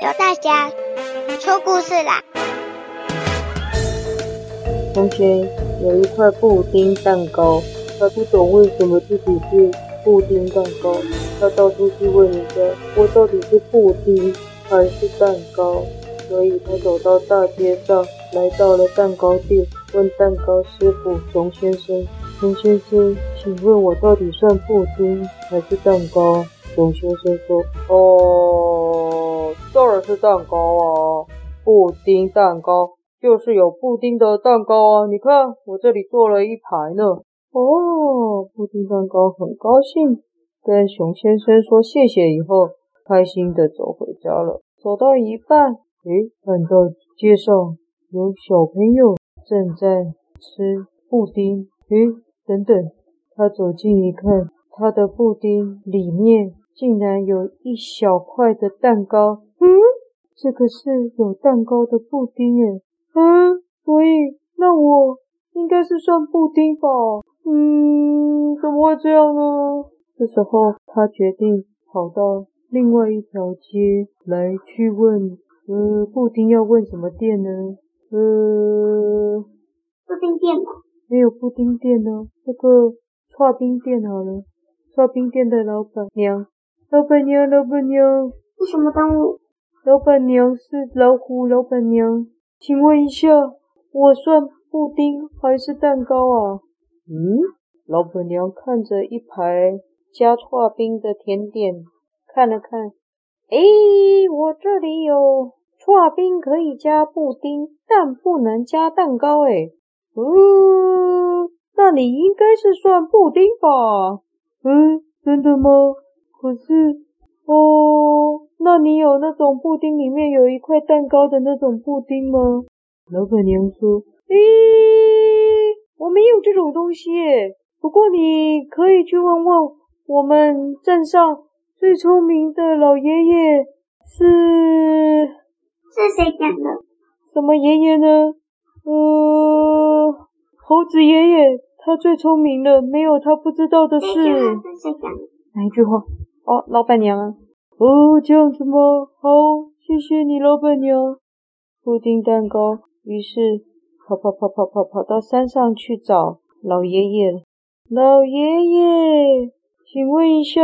由大俠說故事啦。從前有一塊布丁蛋糕，他不懂為什麼自己是布丁蛋糕，他到處去問人家：「我到底是布丁還是蛋糕？」所以他走到大街上，來到了蛋糕店，問蛋糕師傅熊先生：“熊先生，請問我到底算布丁還是蛋糕？”熊先生說：“哦。”是蛋糕啊，布丁蛋糕就是有布丁的蛋糕啊。你看，我這裡做了一排呢。哦，布丁蛋糕很高興跟熊先生說謝謝以後，開心的走回家了。走到一半，誒，看到街上有小朋友正在吃布丁。誒，等等，他走近一看，他的布丁裡面竟然有一小塊的蛋糕。嗯，這個是有蛋糕的布丁耶，嗯，所以那我應該是算布丁吧？嗯，怎麼會這樣呢？這時候他決定跑到另外一條街來去問，嗯、呃，布丁要問什麼店呢？呃，布丁店，沒有布丁店呢，那、這個剉冰店好了，剉冰店的老闆娘，老闆娘，老闆娘，為什麼當我？老闆娘是老虎，老闆娘，請問一下，我算布丁還是蛋糕啊？嗯，老闆娘看着一排加剉冰的甜點，看了看，誒、欸、我這裡有剉冰可以加布丁，但不能加蛋糕，欸，哎，嗯，那你應該是算布丁吧？嗯，真的嗎？可是，哦。那你有那種布丁，裡面有一塊蛋糕的那種布丁嗎？老板娘說：“咦，我沒有這種東西耶。不過你可以去問問我們鎮上最聰明的老爺爺是，是是誰講的？什麼爺爺呢？呃，猴子爺爺他最聰明了，沒有他不知道的事。哪一句話？哦，老板娘。”哦，這樣子嗎？好，謝謝你，老闆娘。布丁蛋糕，於是跑跑跑跑跑跑到山上去找老爺爺。老爺爺，請問一下，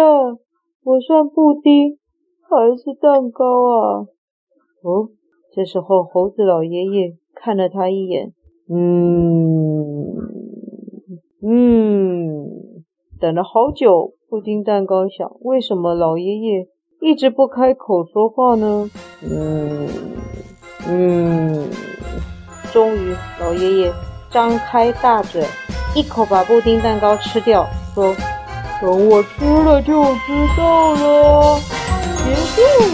我算布丁還是蛋糕啊？哦，這時候猴子老爺爺看了他一眼，嗯嗯，等了好久，布丁蛋糕想，為什麼老爺爺？一直不開口說話呢？嗯嗯，終於，老爺爺張開大嘴，一口把布丁蛋糕吃掉，說：“等我吃了就知道了。別了”結束。